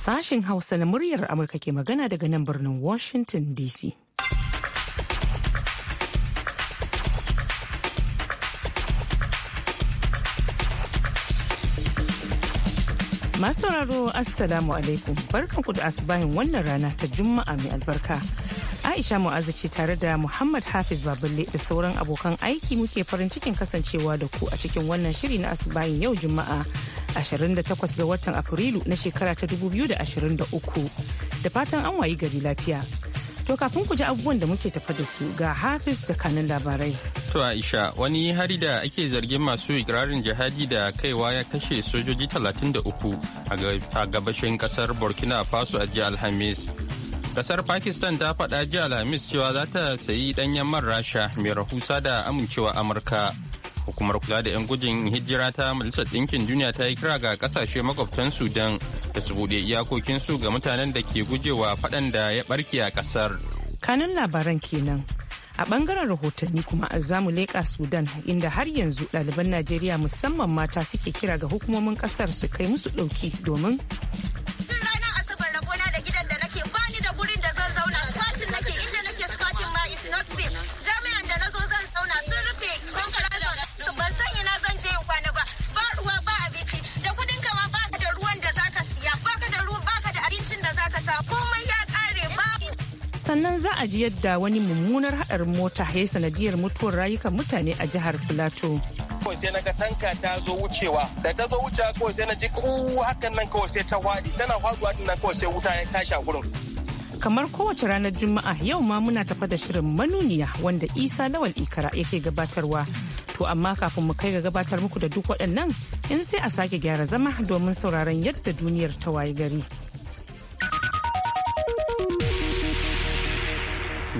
Sashen Hausa na muryar Amurka ke magana daga nan birnin Washington DC. Masu sauraro Assalamu alaikum barkanku da asibahin wannan rana ta Juma'a mai albarka. Aisha Mu'azu ce tare da Muhammad Hafiz babulle da sauran abokan aiki muke farin cikin kasancewa da ku a cikin wannan shiri na asibayin yau Juma'a 28 ga watan Afrilu na shekara ta 2023. Da fatan an wayi gari lafiya. To kafin ku ji abubuwan da muke tafa da su ga Hafiz da kanin labarai. To Aisha wani hari da ake zargin masu ikirarin jihadi da kaiwa ya kashe sojoji 33 a gabashin kasar Burkina Faso a jiya Alhamis. Kasar Pakistan ta faɗa jiya Alhamis cewa za ta sayi ɗanyen man Rasha mai rahusa da amincewa Amurka. Hukumar kula da 'yan gujin hijira ta Majalisar Ɗinkin Duniya ta yi kira ga ƙasashe makwabtan Sudan da su buɗe iyakokinsu ga mutanen da ke gujewa faɗan da ya ɓarke a ƙasar. Kanun labaran kenan. a bangaren rahotanni kuma a zamu leƙa sudan inda har yanzu ɗaliban najeriya musamman mata suke kira ga hukumomin ƙasar su kai musu ɗauki domin sannan za a ji yadda wani mummunar haɗarin mota ya sanadiyar mutuwar rayukan mutane a jihar filato kawai sai na ga tanka ta zo wucewa da ta zo wucewa kawai sai na ji ku hakan nan kawai sai ta waɗi tana faɗuwa din nan kawai sai wuta ya tashi a gurin kamar kowace ranar juma'a yau ma muna tafa da shirin manuniya wanda isa lawal ikara yake gabatarwa to amma kafin mu kai ga gabatar muku da duk waɗannan in sai a sake gyara zama domin sauraron yadda duniyar ta waye gari.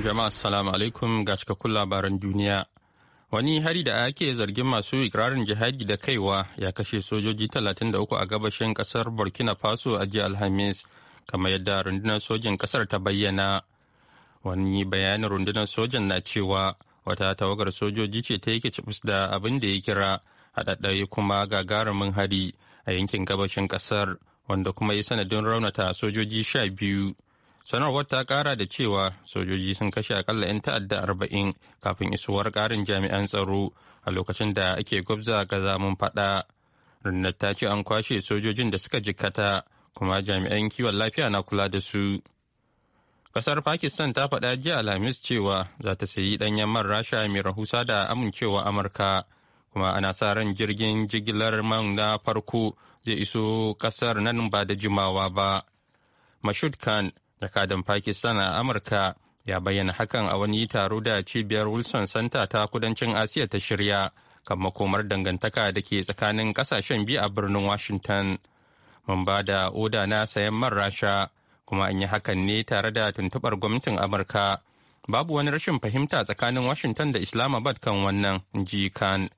Jama'a assalamu alaikum ga cikakkun labaran duniya. Wani hari da ake zargin masu ikirarin jihadi da kaiwa ya kashe sojoji 33 a gabashin kasar Burkina Faso a jiya Alhamis, kamar yadda rundunar sojin kasar ta bayyana. Wani bayanin rundunar sojan na cewa wata tawagar sojoji ce ta yake cibis da abin da ya kira haɗaɗɗe kuma gagarumin hari a yankin gabashin kasar wanda kuma yi sanadin raunata sojoji sha biyu. sanarwar ta kara da cewa sojoji sun kashe akalla 'yan ta'adda arba'in kafin isuwar karin jami'an tsaro a lokacin da ake gwabza ga zamun fada rundunar ta ce an kwashe sojojin da suka jikkata kuma jami'an kiwon lafiya na kula da su kasar pakistan ta faɗa jiya alhamis cewa za ta sayi ɗanyen man rasha mai rahusa da amincewa amurka kuma ana sa ran jirgin jigilar man na farko zai iso ƙasar nan ba da jimawa ba mashud khan jakadan pakistan a amurka ya bayyana hakan a wani taro da cibiyar wilson center ta kudancin asiya ta shirya kan makomar dangantaka da ke tsakanin kasashen biyu a birnin washington mun ba da oda na sayan man rasha kuma an yi hakan ne tare da tuntubar gwamnatin amurka babu wani rashin fahimta tsakanin washington da islamabad kan wannan ji kan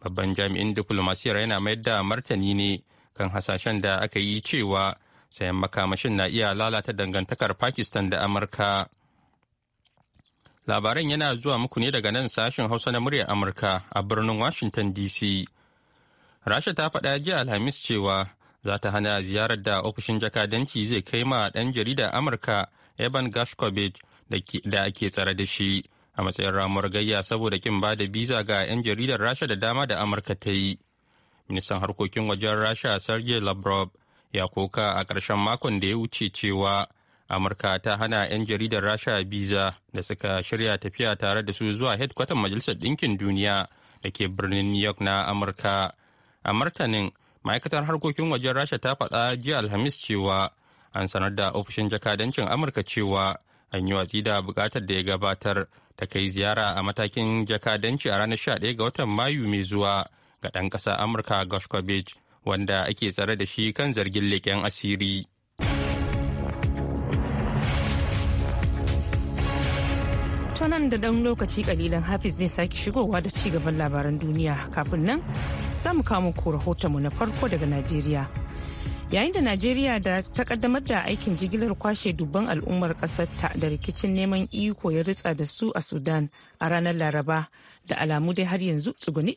babban jami'in diplomasiyar yana mayar da martani ne kan hasashen da aka yi cewa sayan makamashin na iya lalata dangantakar pakistan da amurka labaran yana zuwa muku ne daga nan sashen hausa na muryar amurka a birnin washington dc rasha ta faɗa jiya alhamis cewa za ta hana ziyarar da ofishin jakadanci zai kai ma ɗan jarida amurka evan gashkovich da ake tsare da shi a matsayin ramuwar gayya saboda kin ba da biza ga 'yan jaridar rasha da dama da amurka ta yi ministan harkokin wajen rasha sergei lavrov ya koka a ƙarshen makon da ya wuce cewa amurka ta hana 'yan jaridar rasha biza da suka shirya tafiya tare da su zuwa hedkwatan majalisar ɗinkin duniya da ke birnin new york na amurka a martanin ma'aikatar harkokin wajen rasha ta faɗa jiya alhamis cewa an sanar da ofishin jakadancin amurka cewa an yi watsi da buƙatar da ya gabatar ta kai ziyara a matakin jakadanci a ranar 11 ga watan mayu mai zuwa ga ɗan ƙasa amurka gosh wanda ake tsare da shi kan zargin leken asiri. Tunan da ɗan lokaci kalilan hafiz zai sake shigowa da ci gaban labaran duniya kafin nan za mu kawo muku rahotonmu na farko daga najeriya yayin da najeriya da ta kaddamar da aikin jigilar kwashe dubban al'ummar kasarta da rikicin neman iko ya ritsa da su a sudan a ranar laraba da alamu dai har yanzu tsuguni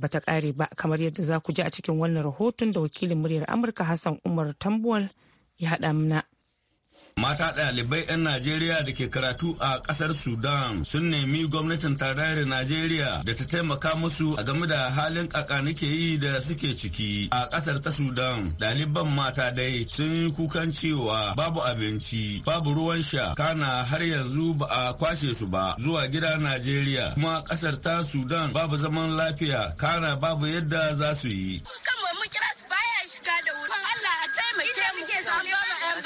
ba ta kare ba kamar yadda za ku ji a cikin wannan rahoton da wakilin muryar amurka hassan umar tambuwal ya haɗa mana Mata ɗalibai 'yan Najeriya da ke karatu a ƙasar Sudan sun nemi gwamnatin tarayyar Najeriya da ta taimaka musu a game da halin ƙaƙa ke yi da suke ciki a ƙasar ta Sudan. Ɗaliban mata dai sun yi kukan cewa babu abinci, babu ruwan sha, kana har yanzu ba a kwashe su ba zuwa gida Najeriya kuma ƙasar ta Sudan babu zaman lafiya, kana babu yadda za su yi. Kawai mu kira su baya shiga da wurin Allah a taimake mu.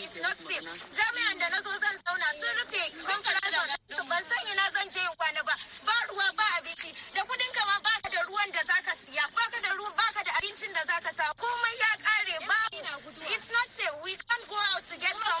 it's not safe jami'an da na zo zan zauna sun rufe kankara su ban san ina zan je in kwana ba ba ruwa ba abinci da kudin kama ma baka da ruwan da ka siya baka da da abincin da zaka sa komai ya kare ba it's not safe we can't go out to get some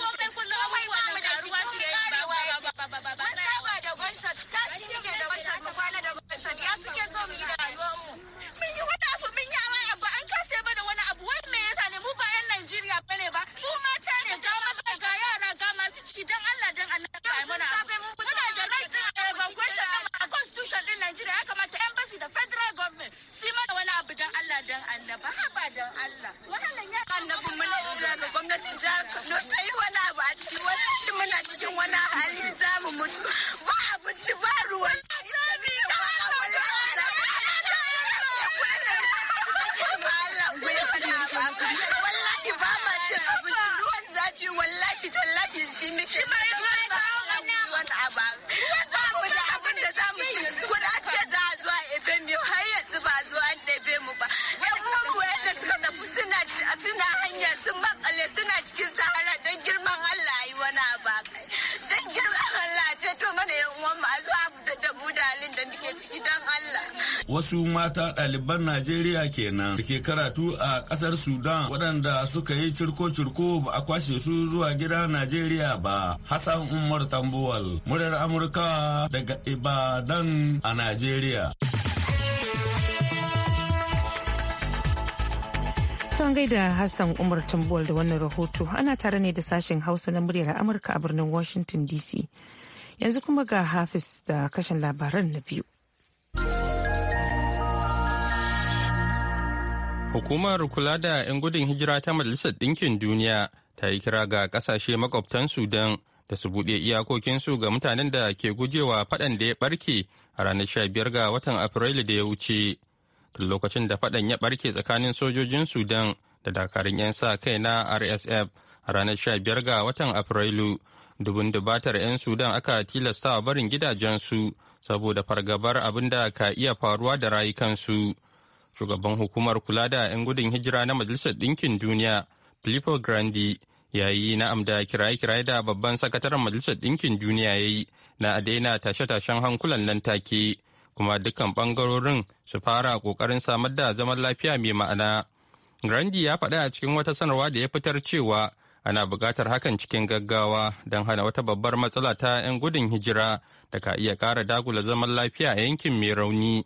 suna hanya sun makale suna cikin sahara don girman Allah yi wani ba don girman Allah ce to mana yan uwan mu zuwa da mu da halin da muke ciki don Allah wasu mata ɗaliban Najeriya kenan da ke karatu a ƙasar Sudan waɗanda suka yi cirko-cirko ba a kwashe su zuwa gida Najeriya ba Hassan Umar Tambuwal muryar Amurka daga Ibadan a Najeriya. an gaida Hassan Umar Tambuwal da wannan rahoto ana tare ne da sashen Hausa na muryar Amurka a birnin Washington DC. Yanzu kuma ga Hafiz da kashin labaran na biyu. Hukumar kula da 'yan gudun hijira ta Majalisar Ɗinkin Duniya ta yi kira ga ƙasashe makwabtan Sudan da su buɗe iyakokinsu ga mutanen da ke gujewa faɗan da ya ɓarke a ranar 15 ga watan Afrilu da ya wuce. lokacin da faɗan ya ɓarke tsakanin sojojin sudan da dakarun 'yan sa kai na rsf a ranar 15 ga watan afrilu dubun dubatar 'yan sudan aka tilasta barin gidajensu saboda fargabar abin da ka iya faruwa da rayukansu shugaban hukumar kula da 'yan gudun hijira na majalisar ɗinkin duniya filippo grandi ya yi na'am da kiraye-kiraye da babban sakataren majalisar ɗinkin duniya ya yi na a daina tashe-tashen hankulan nan take kuma dukkan bangarorin su fara kokarin samar da zaman lafiya mai ma'ana. Grandi ya faɗa a cikin wata sanarwa da ya fitar cewa ana buƙatar hakan cikin gaggawa don hana wata babbar matsala ta 'yan gudun hijira da ka iya ƙara dagula zaman lafiya a yankin mai rauni.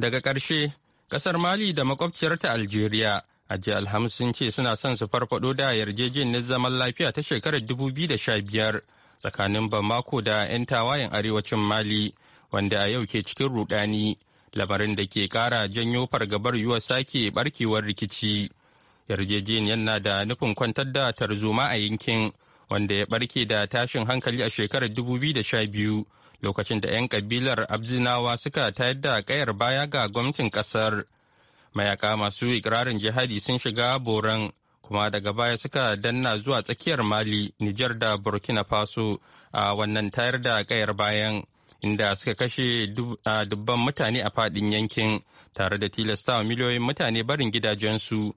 Daga ƙarshe, ƙasar Mali da makwabciyarta Algeria a jiya Alhamis sun ce suna son su farfaɗo da yarjejeniyar zaman lafiya ta shekarar 2015 tsakanin Bamako da 'yan tawayen arewacin Mali wanda a yau ke cikin rudani lamarin da ke kara janyo fargabar yiwa sake barkewar rikici yarjejeniyar na da nufin kwantar da tarzoma a yankin wanda ya barke da tashin hankali a shekarar 2012 lokacin da 'yan kabilar abzinawa suka tayar da kayar baya ga gwamnatin kasar mayaka masu ikirarin jihadi sun shiga boran kuma daga baya suka danna zuwa tsakiyar mali nijar da burkina faso a wannan tayar da kayar bayan inda suka kashe dubban mutane a fadin yankin tare da tilastawa miliyoyin mutane barin gidajensu.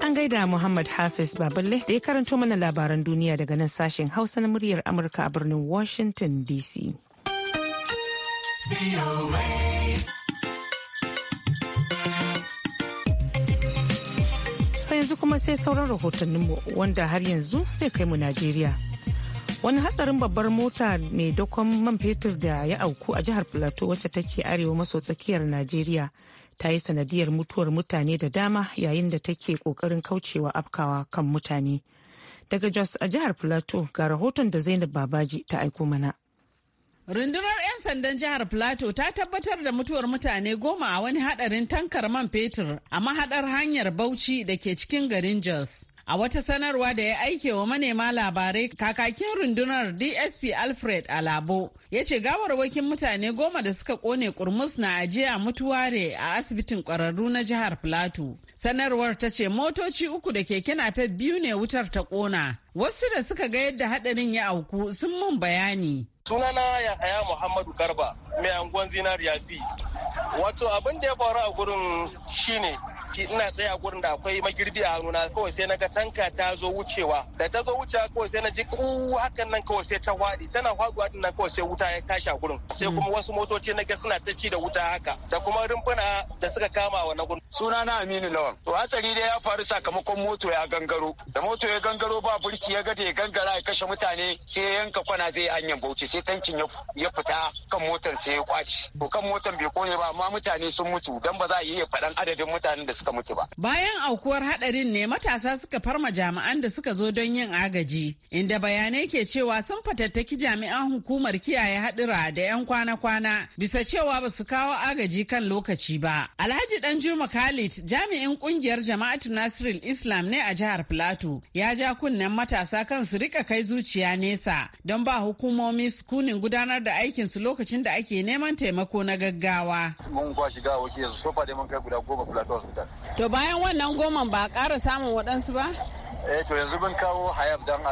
An gaida Muhammad Hafiz Baballe da ya karanto mana labaran duniya daga nan sashen Hausa na muryar Amurka a birnin Washington DC. To yanzu kuma sai sauran rahotanninmu wanda har yanzu zai kai mu Najeriya. Wani hatsarin babbar mota mai dakon man fetur da ya auku a jihar Plateau wacce take arewa maso tsakiyar Najeriya ta yi sanadiyar mutuwar mutane da dama yayin da take kokarin kaucewa afkawa kan mutane. Daga Jos a jihar Plateau ga rahoton da Zainab Babaji ta aiko mana. Rundunar 'yan sandan jihar Plateau ta tabbatar da mutuwar mutane goma a wani hadarin tankar man fetur a mahadar hanyar Bauchi da ke cikin garin Jos. A wata sanarwa da ya aike wa manema labarai kakakin rundunar DSP Alfred Alabo ya ce gawarwakin mutane goma da suka kone kurmus na ajiya mutuware a asibitin kwararru na jihar Plateau. Sanarwar ta ce motoci uku da keke napep biyu ne wutar ta kona. Wasu da suka ga yadda haɗarin ya auku sun mun bayani. sunana yahaya muhammadu garba mai anguwan zinariya fi, wato abin da ya faru a gurin shine shi ina tsaya gurin da akwai magirbi a hannuna kawai sai naga tanka ta zo wucewa da ta zo wucewa kawai sai na ji ku hakan nan kawai sai ta hwaɗi tana hwaɗuwa din nan kawai sai wuta ya tashi a gurin sai hmm. kuma wasu motoci na ga suna ta ci da wuta haka da kuma rumfuna da suka kama wa na gurin. suna na aminu lawan to hatsari dai ya faru sakamakon moto ya gangaro da moto ya gangaro ba burki ya gade ya gangara ya kashe mutane sai yanka kwana zai hanyar bauchi sai tankin ya fita kan motar sai ya kwaci to kan motar bai kone ba amma mutane sun mutu dan ba za a iya faɗan adadin mutanen da suka mutu ba. Bayan aukuwar hadarin ne matasa suka farma jami'an da suka zo don yin agaji, inda bayanai ke cewa sun fatattaki jami'an hukumar kiyaye hadura da 'yan kwana-kwana bisa cewa ba su kawo agaji kan lokaci ba. Alhaji Danjuma Khalid jami'in kungiyar jama'atu Nasirul Islam ne a jihar Filato ya ja kunnen matasa kan su rika kai zuciya nesa don ba hukumomi sukunin gudanar da aikinsu lokacin da ake neman taimako na gaggawa. Mun kwashi gawa su sofa da mun kai guda goma Filato Hospital. To bayan wannan goman ba a ƙara samun waɗansu ba? Eh to yanzu mun kawo hayab don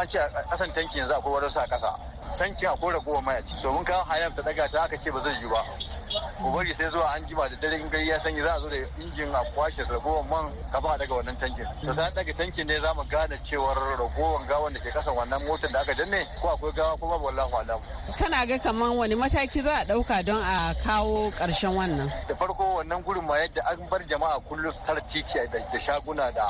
an ce a ƙasan tanki yanzu akwai waɗansu a ƙasa. Tankin akwai ragowar mai a ciki. So mun kawo hayab ta ɗaga ta aka ce ba zai yi ba. ku bari sai zuwa an jima da dare in gari ya sanya za a zo da injin a kwashe ragowar man kafa daga wannan tankin to sai an daga tankin ne za mu gane cewar ragowar gawan da ke kasan wannan motar da aka danne ko akwai gawa ko babu wallahu alam kana ga kaman wani mataki za a dauka don a kawo karshen wannan da farko wannan gurin ma yadda an bar jama'a kullum tar titi da shaguna da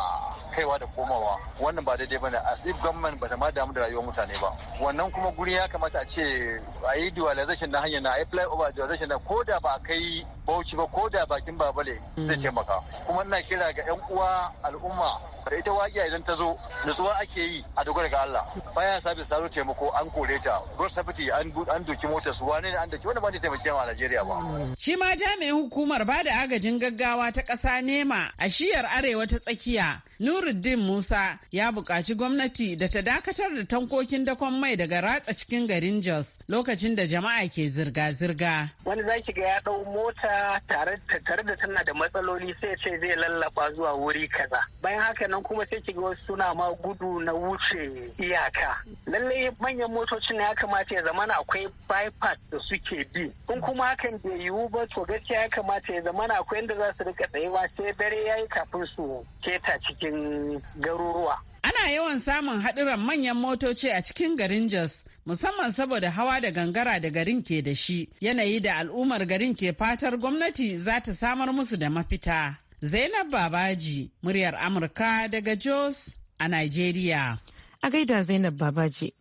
kaiwa da komawa wannan ba daidai bane as if government ba ta ma damu da rayuwar mutane ba wannan kuma guri ya kamata a ce a yi dualization na hanyar na a yi flyover dualization na ko da ba kai bauchi ba ko da bakin babale zai hmm. taimaka kuma ina kira ga yan uwa al'umma da ita waƙiya idan ta zo nutsuwa ake yi a dogara ga Allah baya sabis ta zo taimako an kore ta gwar safiti an doki motar su wane ne an doki wanda ba ne taimake a Najeriya ba hmm. shi ma jami'in hukumar ba da agajin gaggawa ta ƙasa nema a shiyar arewa ta tsakiya Nuruddin Musa ya buƙaci gwamnati da ta dakatar da tankokin dakon mai daga ratsa cikin garin Jos lokacin da jama'a ke zirga-zirga. Wani zaki ga ya ɗau mota tare da tana da matsaloli sai ce zai lallaba zuwa wuri kaza bayan haka nan kuma sai kiga wasu suna ma gudu na wuce iyaka lallai manyan motocin ya kamata ya zamana akwai bypass da suke bi in kuma hakan bai yiwu ba to gaskiya ya kamata ya zamana akwai inda za su rika tsayewa sai dare yayi kafin su keta cikin garuruwa Ana yawan samun haɗuran manyan motoci a cikin garin Jos, musamman saboda hawa da gangara da garin ke da shi, yanayi da al'ummar garin ke fatar gwamnati za ta samar musu da mafita. Zainab Babaji, muryar Amurka daga Jos a Nigeria. A gaida Zainab Babaji.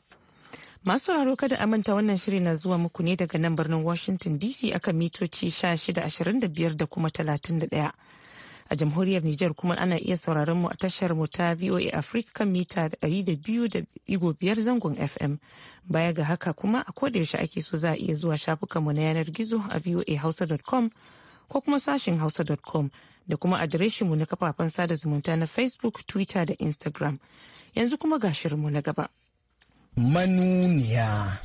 Masu sauraro kada a manta wannan shiri na zuwa muku ne daga nan birnin Washington DC akan mitoci 1625 da kuma 31. a jamhuriyar Nijar kuma ana iya sauraron mu a tashar mu ta VOA Africa mita 200.5 zangon FM. Baya ga haka kuma a koda yaushe ake so za a iya zuwa shafukan mu na yanar gizo a voahausa.com ko kuma sashin hausa.com da kuma adireshin mu na kafafen sada zumunta na Facebook, Twitter da Instagram. Yanzu kuma ga mu na gaba. Manuniya.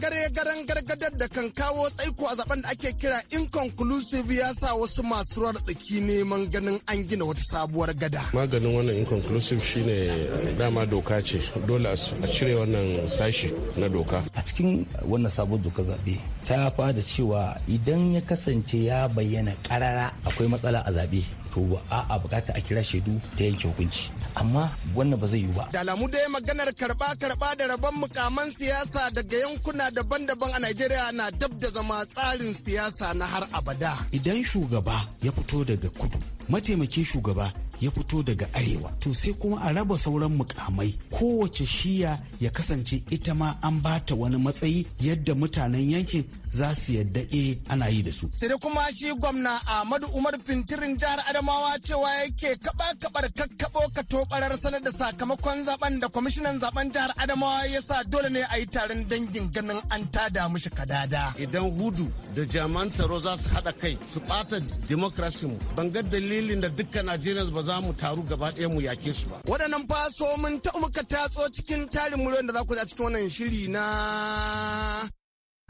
gare-garen gargadar da kan kawo tsaiko a zaben da ake kira inconclusive ya sa wasu masu ruwar tsaki neman ganin an gina wata sabuwar gada. Maganin wannan inconclusive shine eh, dama doka ce dole a cire wannan sashi na doka. A cikin wannan sabuwar doka zaɓe ta fada cewa idan ya kasance ya bayyana ƙarara akwai matsala a zaɓe to ba a bukata a kira shaidu ta yanke hukunci amma wannan ba zai yiwu ba da alamu dai maganar karba karba da rabon mukaman siyasa daga yankuna daban-daban a Najeriya na dab da zama tsarin siyasa na har abada idan shugaba ya fito daga kudu mataimakin shugaba ya fito daga arewa to sai kuma a raba sauran mukamai kowace shiya ya kasance ita ma an bata wani matsayi yadda mutanen yankin za su yadda e ana yi da su. Sai dai kuma shi gwamna Ahmadu Umar Fintirin jihar Adamawa cewa yake kaba kabar kakkaɓo ka tobarar sanar da sakamakon zaben da kwamishinan zaben jihar Adamawa ya sa dole ne a yi taron dangin ganin an tada mushi kadada. Idan hudu da jaman tsaro za su haɗa kai su ɓata demokrasi mu ban ga dalilin da dukkan Najeriya ba za mu taru gaba ɗaya mu yake su ba. Waɗannan faso mun ta muka tatso cikin tarin muryar da za ku a cikin wannan shiri na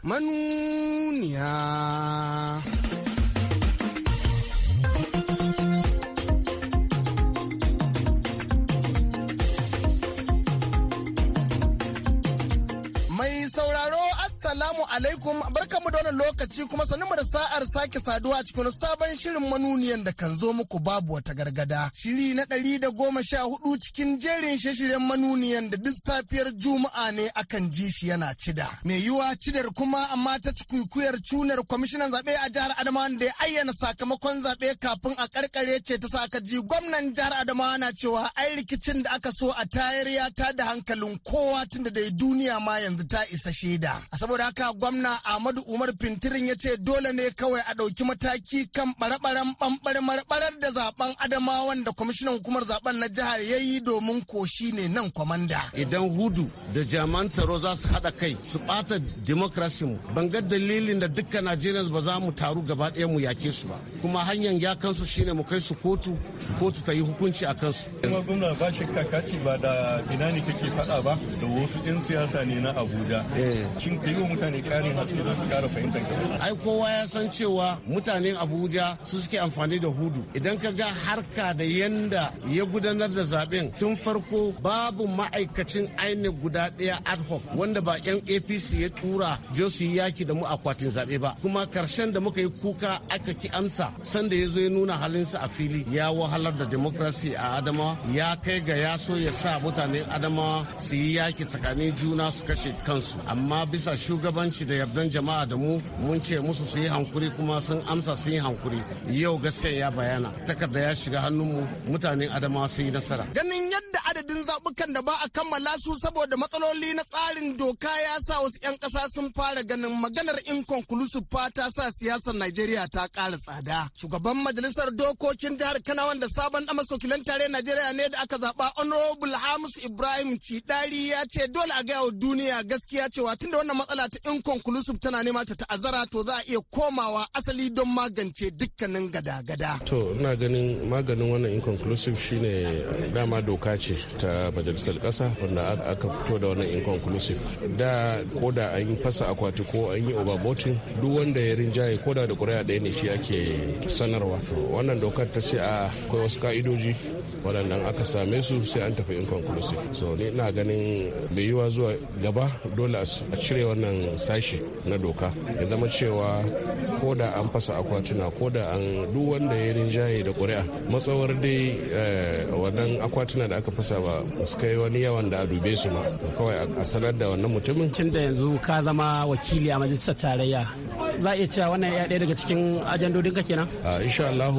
manuniya. alaikum barkamu da wannan lokaci kuma sanin da sa'ar sake saduwa a cikin sabon shirin manuniyan da kan zo muku babu wata gargada. Shiri na ɗari da goma sha hudu cikin jerin shirin manuniyan da duk safiyar Juma'a ne akan ji shi yana cida. Mai yiwa cidar kuma amma ta cikikuyar cunar kwamishinan zaɓe a jihar Adamawa da ya ayyana sakamakon zaɓe kafin a karkare ce ta sa ka ji gwamnan jihar Adamawa na cewa ai rikicin da aka so a tayar ya ta da hankalin kowa tun dai duniya ma yanzu ta isa shaida. Saboda haka gwamna Ahmadu Umar Fintirin ya ce dole ne kawai a ɗauki mataki kan ɓare-ɓaren marɓarar da zaben Adamawan da kwamishinan hukumar zaben na jihar ya yi domin koshi ne nan kwamanda. Idan hudu da jaman tsaro za su haɗa kai su ɓata demokrasi mu ban ga dalilin da duka Najeriya ba za mu taru gaba ɗaya mu yake su ba kuma hanyar ya kansu shine mu kai su kotu kotu ta yi hukunci a kansu. Kuma gwamna ba shi kakaci ba da ina ne kake faɗa ba da wasu 'yan siyasa ne na Abuja. Eh. kai wa mutane ƙarin su fahimtar ai kowa ya san cewa mutanen abuja su suke amfani da hudu idan ka ga harka da yanda ya gudanar da zaben tun farko babu ma'aikacin ainihin guda daya ad hoc wanda ba yan apc ya tura je su yi yaki da mu akwatin zaɓe ba kuma karshen da muka yi kuka aka ki amsa sanda ya zo ya nuna halin sa a fili ya wahalar da demokrasi a adama ya kai ga ya so ya sa mutanen adamawa su yi yaki tsakanin juna su kashe kansu amma bisa shugabanci aminci da yardan jama'a da mu mun ce musu su yi hankuri kuma sun amsa sun yi hankuri yau gaskiya ya bayana takarda ya shiga hannunmu mutanen adama sun yi nasara ganin yadda adadin zabukan da ba a kammala su saboda matsaloli na tsarin doka ya sa wasu 'yan kasa sun fara ganin maganar inconclusive ta sa siyasar Najeriya ta ƙara tsada. Shugaban majalisar dokokin jihar Kano wanda sabon da masokilan tare Najeriya ne da aka zaɓa Honorable Hamisu Ibrahim Cidari ya ce dole a gaya wa duniya gaskiya cewa tunda wannan matsala ta inconclusive conclusive tana nema ta ta'azzara to za a iya komawa asali don magance dukkanin gada-gada. To ina ganin maganin wannan inconclusive shine dama doka ce ta majalisar ƙasa wanda aka fito da wannan inconclusive. Da ko da an fasa akwati ko an yi overboating duk wanda ya rinjaye ko da da ƙuri'a ɗaya ne shi ake sanarwa. Wannan dokar ta ce a akwai wasu ka'idoji waɗannan aka same su sai an tafi inconclusive. So ni ina ganin mai yiwa zuwa gaba dole a cire wannan sashi bashi na doka ya zama cewa ko da an fasa akwatuna ko da an duk wanda ya rinjaye da ƙuri'a matsawar dai eh, wannan akwatuna da aka fasa ba su kai wani yawan da a dube su ma kawai a sanar da wannan mutumin tun da yanzu ka zama wakili a majalisar tarayya za a iya cewa wannan ya ɗaya daga cikin ajandodin ka kenan a insha Allah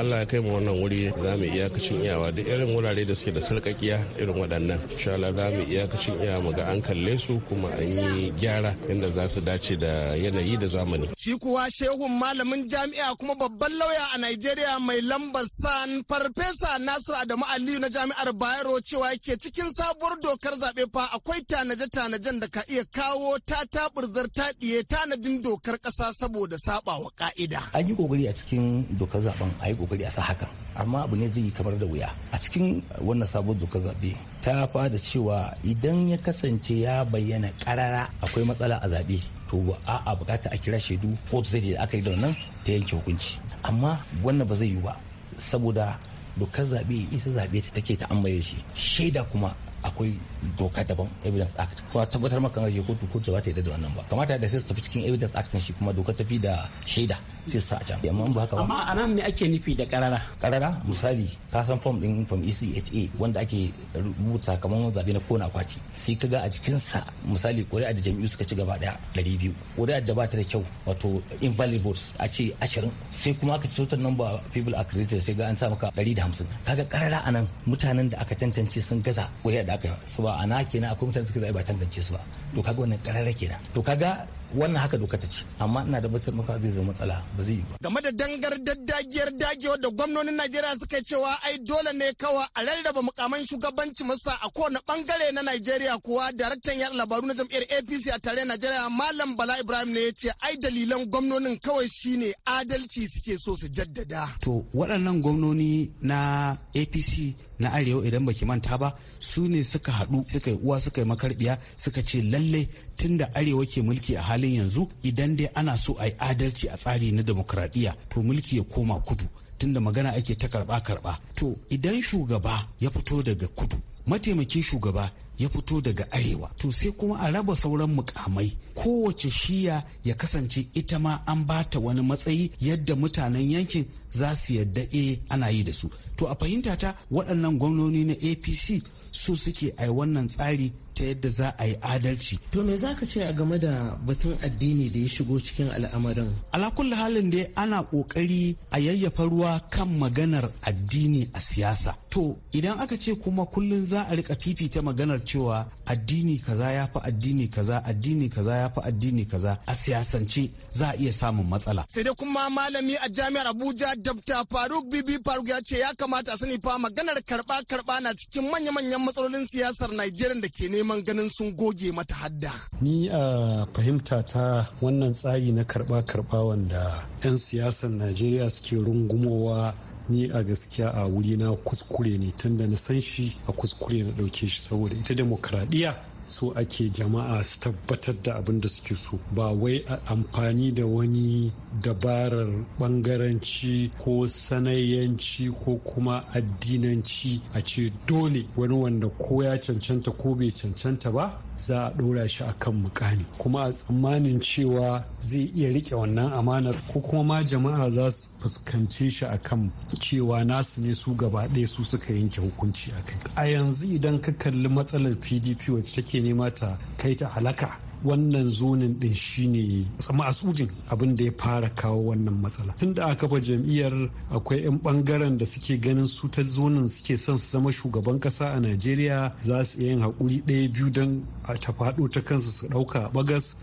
Allah ya kai mu wannan wuri za mu iyakacin iyawa duk irin wurare da suke da sarkakiya irin waɗannan insha Allah za mu iyakacin iyawa mu ga an kalle su kuma an yi gyara inda za su dace da yanayi da zamani shi kuwa shehun malamin jami'a kuma babban lauya a Najeriya mai lambar san farfesa Nasiru Adamu Aliyu na jami'ar Bayero cewa yake cikin sabuwar dokar zaɓe fa akwai tanaje-tanajen da ka iya kawo ta taɓurzar taɗiye tanadin dokar ƙasa saboda saba wa ƙa'ida. An yi ƙoƙari a cikin dokar zaben a yi ƙoƙari a sa hakan amma abu ne zai kamar da wuya. A cikin wannan sabon dokar zaɓe ta fada cewa idan ya kasance ya bayyana ƙarara akwai matsala a zaɓe to ba a bukata a kira shaidu ko zai da aka yi da wannan ta yanke hukunci. Amma wannan ba zai yiwu ba saboda dokar zaɓe ita zaɓe ta take ta ambaye shi shaida kuma akwai doka daban evidence act ko tabbatar maka kan kotu kotu za ta yadda da wannan ba kamata da sai su tafi cikin evidence act shi kuma doka tafi da shaida sai su sa a can amma ba haka amma anan ne ake nufi da karara karara misali ka san form din form ECHA wanda ake rubuta kamar zabe na kona akwati sai ka ga a cikin sa misali ƙuri'a da jami'u suka ci gaba daya biyu ƙuri'a da ba ta da kyau wato invalid votes a ce 20 sai kuma aka ci total number of people accredited sai ga an sa maka 150 kaga karara anan mutanen da aka tantance sun gaza ƙuri'a da aka su ba ana kenan akwai mutane suka zaɓi ba tantance su ba to kaga wannan karara kenan to kaga wannan haka doka ta ce amma ina da bakin maka zai zama matsala ba zai yi ba game da dangar daddagiyar dagewa da gwamnonin Najeriya suka cewa ai dole ne kawa a rarraba mukaman shugabanci masa a kowane bangare na Najeriya kuwa daraktan yar labaru na jam'iyyar APC a tare Najeriya Malam Bala Ibrahim ne ya ce ai dalilan gwamnonin kawai shine adalci suke so su jaddada to waɗannan gwamnoni na APC na Arewa idan baki manta ba su ne suka haɗu suka yi uwa suka yi makarbiya suka ce lalle tunda Arewa ke mulki a halin yanzu idan dai ana so a yi adalci a tsari na demokradiyya to mulki ya koma kudu tunda magana ake ta karba karba to idan shugaba ya fito daga kudu mataimakin shugaba ya fito daga arewa to sai kuma a raba sauran mukamai kowace shiya ya kasance ita ma an bata wani matsayi yadda mutanen yankin za su yadda e ana yi da su to a fahimta ta waɗannan gwamnoni na apc su suke ai wannan tsari ta yadda za a yi adalci. To me za ka ce a game da batun addini da ya shigo cikin al'amarin? Alakulli halin dai ana ƙoƙari a yayyafa ruwa kan maganar addini a siyasa. To idan aka ce kuma kullum za a rika fifita maganar cewa addini kaza ya fi addini kaza addini kaza ya fi addini kaza a siyasance za a iya samun matsala. Sai dai kuma malami a jami'ar Abuja dabta Faruk Bibi Faruk ya ce ya kamata a sani fa maganar karɓa karba na cikin manya-manyan matsalolin siyasar Najeriya da ke neman neman ganin sun goge mata hadda. Ni a fahimta ta wannan tsari na karba-karba wanda 'yan siyasar Najeriya suke rungumowa ni a gaskiya a wuri na kuskure ne tunda na san shi a kuskure na ɗauke shi saboda ita demokradiyya so ake jama'a su tabbatar da abin da suke so ba wai amfani da wani dabarar bangaranci ko sanayyanci ko kuma addinanci a ce dole wani wanda ko ya cancanta ko bai cancanta ba za a ɗora shi kan mukami kuma a tsammanin cewa zai iya rike wannan amanar ko kuma ma jama'a za su fuskanci shi akan cewa nasu ne su gaba ɗaya su suka yanke hukunci akai a yanzu idan ka kalli matsalar pdp wacce take ake nema ta kai ta halaka wannan zonin din shine ma'asudin abin da ya fara kawo wannan matsala tun da aka fa jam'iyyar akwai 'yan bangaren da suke ganin su ta zonin suke son su zama shugaban kasa a najeriya za su iya yin haƙuri ɗaya biyu don ta faɗo ta kansu su ɗauka a bagas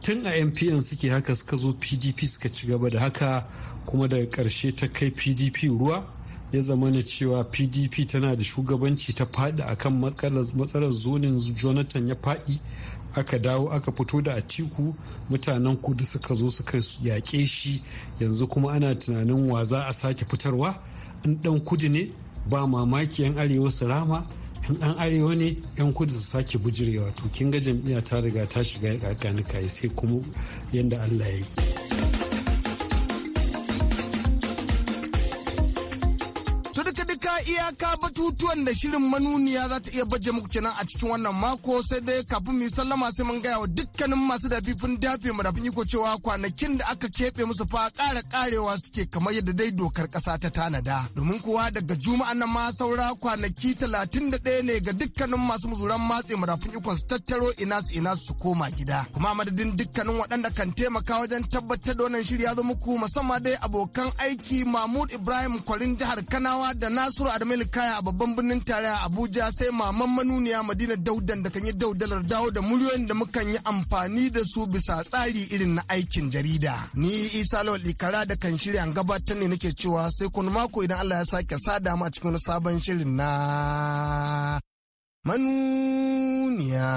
tun a mpn suke haka suka zo pdp suka ci gaba da haka kuma daga karshe ta kai pdp ruwa ya zama na cewa pdp tana da shugabanci ta faɗi akan matsalar zonin jonathan ya faɗi aka dawo aka fito da atiku mutanen kudu suka zo suka yaƙe shi yanzu kuma ana tunanin wa za a sake fitarwa in ɗan kudu ne ba mamaki 'yan arewa su rama in ɗan arewa ne 'yan kudu su sake bujirewa to kin ga jam'iyya ta riga ta shiga ƙaƙanuka sai kuma yadda allah ya yi America. batutuwan da shirin manuniya za ta iya baje muku kenan a cikin wannan mako sai dai kafin mu sallama sai mun gaya wa dukkanin masu dafifin dafe mu da iko cewa kwanakin da aka keɓe musu fa ƙara ƙarewa suke kamar yadda dai dokar ƙasa ta tanada. Domin kuwa daga juma'an nan ma saura kwanaki talatin da ɗaya ne ga dukkanin masu muzuran matse marafin ikon su tattaro ina su ina su koma gida. Kuma madadin dukkanin waɗanda kan taimaka wajen tabbatar da wannan shirya zo muku musamman dai abokan aiki Mahmud Ibrahim Kwarin jihar Kanawa da Nasiru Adamu Kaya a babban birnin tarayya Abuja sai maman manuniya Madina Daudan da kan yi daudalar dawo da muryoyin da mukan yi amfani da su bisa tsari irin na aikin jarida. Ni Isa Lawal Ikara da kan shirya gabatar ne nake cewa sai kun mako idan Allah ya sake sa mu a cikin sabon shirin na manuniya.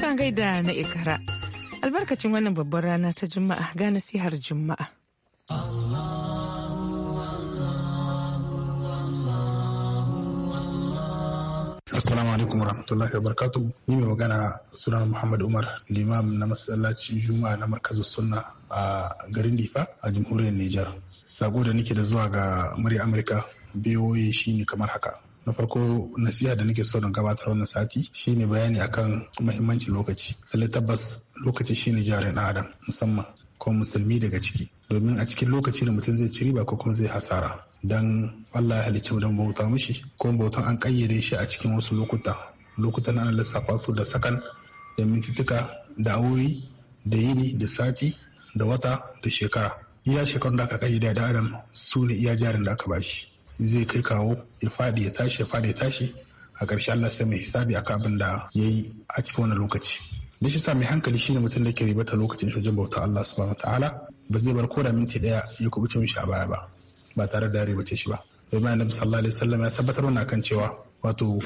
Shan gaida na Ikara. albarkacin wannan babbar rana ta juma'a ga nasihar juma'a Assalamu alaikum warahmatullahi wabarakatuh. Ni mai magana sunan Muhammad Umar, limam na masallaci Juma'a na markazu sunna a garin Difa a jamhuriyar Nijar. Sako da nake da zuwa ga murya Amurka biyoyi shine kamar haka. na farko nasiha da nake so na gabatar wannan sati shine bayani akan muhimmancin lokaci lalle tabbas lokaci shine jarin ɗan adam musamman ko musulmi daga ciki domin a cikin lokaci da mutum zai ci riba ko kuma zai hasara dan Allah ya halicci mu dan bauta mishi ko bautan an kayyade shi a cikin wasu lokuta lokutan ana lissafa su da sakan da mintituka da awoyi da yini da sati da wata da shekara iya shekarun da aka kayyade da adam su ne iya jarin da aka bashi zai kai kawo ya fadi ya tashi ya fadi ya tashi a ƙarshe Allah sai mai hisabi akan abin da ya a cikin wannan lokaci da shi sa mai hankali shine mutum da ke ribata lokacin shi bauta Allah subhanahu ta'ala ba zai bar koda minti daya ya kubuce mishi a baya ba ba tare da ribace shi ba ma annabi sallallahu alaihi wasallam ya tabbatar mana kan cewa wato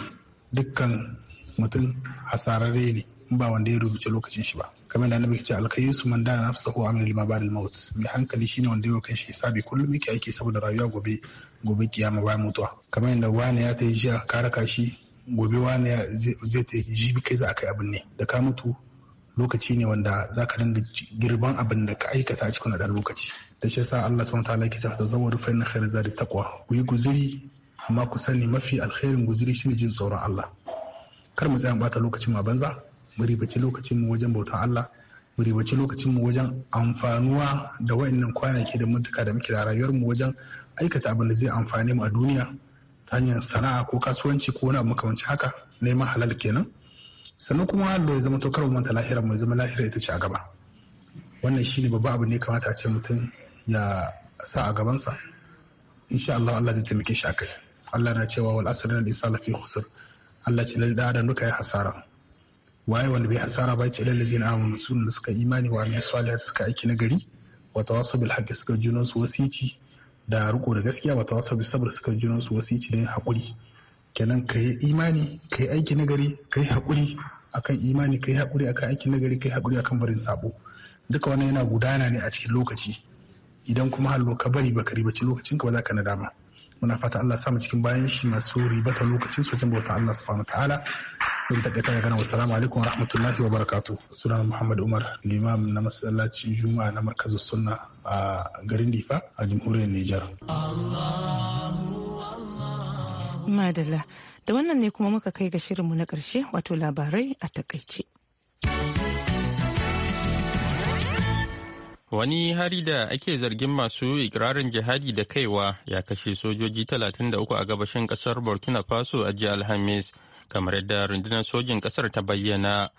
dukkan mutum hasararre ne ba wanda ya rubuce lokacin shi ba kamar da annabi ce alkayisu man dana nafsahu amil lima ba'dal maut mai hankali shi ne wanda ya kai shi sabi kullum yake aiki saboda rayuwa gobe gobe kiyama bayan mutuwa kamar da wani ya ta yi jiya ka raka shi gobe wani zai ta jibi kai za a kai abin ne da ka mutu lokaci ne wanda za ka dinga girban abin da ka aikata a cikin ɗan lokaci da shi yasa Allah subhanahu wataala yake cewa tazawwadu fa inna khayra zadi taqwa ku yi guzuri amma ku sani mafi alkhairin guzuri shine jin tsoron Allah kar mu tsaya bata lokacin ma banza mu ribaci lokacin mu wajen bautan Allah mu ribaci lokacin mu wajen amfanuwa da wayannan kwanaki da mutuka da muke da rayuwar mu wajen aikata abin da zai amfane mu a duniya ta hanyar sana'a ko kasuwanci ko wani abu makamancin haka neman halal kenan sannan kuma da ya zama to kar manta lahira mai zama lahira ita ce a gaba wannan shine babban abu ne kamata a ce mutum ya sa a gabansa insha Allah Allah zai taimake shi akai Allah na cewa wal asr lil insani fi khusr Allah ce lalle da duka ya hasara waye wanda bai hasara ba ce lalle zina amanu sun da suka imani wa su salihat suka aiki na gari wa tawassul bil haqqi suka junan su wasici da riko da gaskiya wasa wasu saboda suka jiran su wasu ci da haƙuri kenan ka yi imani ka yi aiki nagari ka yi haƙuri akan imani ka yi haƙuri akan aiki nagari ka yi haƙuri akan barin sabo duka wannan yana gudana ne a cikin lokaci idan kuma hallo ka bari ba baka ribaci lokacin ka ba za ka nadama muna fata Allah samu cikin bayan shi masu ribata lokacin su wajen bauta Allah subhanahu ta'ala sai ta kaita wa nan assalamu wa rahmatullahi wa barakatu sunan Muhammad Umar limam na masallacin Juma'a na markazu sunna a garin Difa a jamhuriyar Nijar. Madalla da wannan ne kuma muka kai ga shirinmu na ƙarshe wato labarai a takaice. Wani hari da ake zargin masu ikirarin jihadi da kaiwa ya kashe sojoji 33 a gabashin kasar Burkina Faso a jiya Alhamis, kamar yadda rundunar sojin kasar ta bayyana.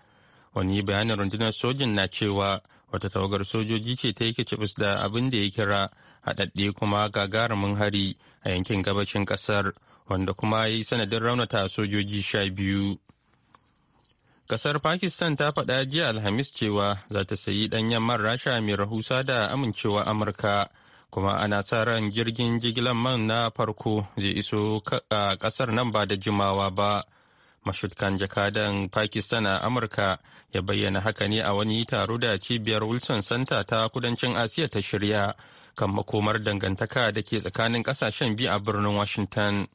Wani bayanin rundunar sojin na cewa wata tawagar sojoji ce ta yake cibis da abin da ya kira haɗaɗɗe kuma gagarumin hari a yankin gabashin kasar, wanda kuma ya yi sanadin raunata sojoji sha biyu. Kasar Pakistan ta faɗa jiya Alhamis cewa za ta sayi ɗanyen man Rasha mai rahusa da amincewa Amurka, kuma ana sa ran jirgin jigilar man na farko zai iso a kasar nan ba da jimawa ba. Mashutkan jakadan Pakistan a Amurka ya bayyana haka ne a wani taro da cibiyar Wilson Center ta kudancin Asiya ta shirya kan makomar dangantaka da ke tsakanin ƙasashen biyu a birnin Washington.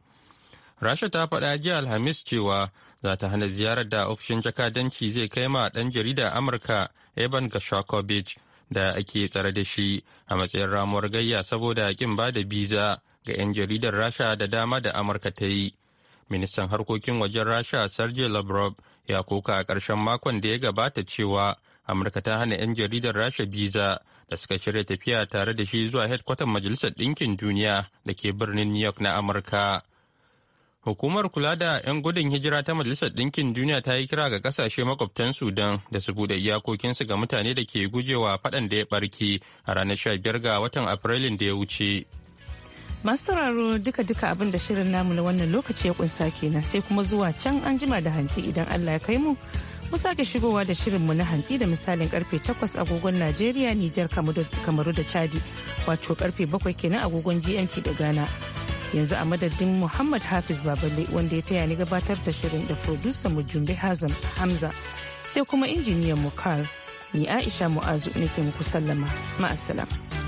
Rasha ta faɗa jiya Alhamis cewa za ta hana ziyarar da ofishin jakadanci zai kai ma ɗan jarida amurka evan gashakovich da ake tsare da shi a matsayin ramuwar gayya saboda kin ba da biza ga 'yan jaridar rasha da dama da amurka ta yi ministan harkokin wajen rasha sergei lavrov ya koka a ƙarshen makon da ya gabata cewa amurka ta hana 'yan jaridar rasha biza da suka shirya tafiya tare da shi zuwa hedkwatan majalisar ɗinkin duniya da ke birnin new york na amurka Hukumar kula da 'yan gudun hijira ta Majalisar Ɗinkin Duniya ta yi kira ga kasashe makwabtan Sudan da su buɗe iyakokinsu ga mutane da ke gujewa faɗan da ya barki a ranar 15 ga watan Afrilun da ya wuce. Masu sauraro duka-duka abin da shirin namu na wannan lokaci ya kunsa kenan sai kuma zuwa can an jima da hantsi idan Allah ya kai mu. Mu sake shigowa da shirin mu na hantsi da misalin karfe 8 agogon Najeriya, Nijar, Kamaru da Chadi, wato karfe 7 kenan agogon GMT da Ghana. yanzu a madadin muhammad hafiz babale wanda ya taya ni gabatar da shirin da producer mu jumbe hazam hamza sai kuma injiniyan mu ni aisha mu'azu nake muku sallama ma'assalam.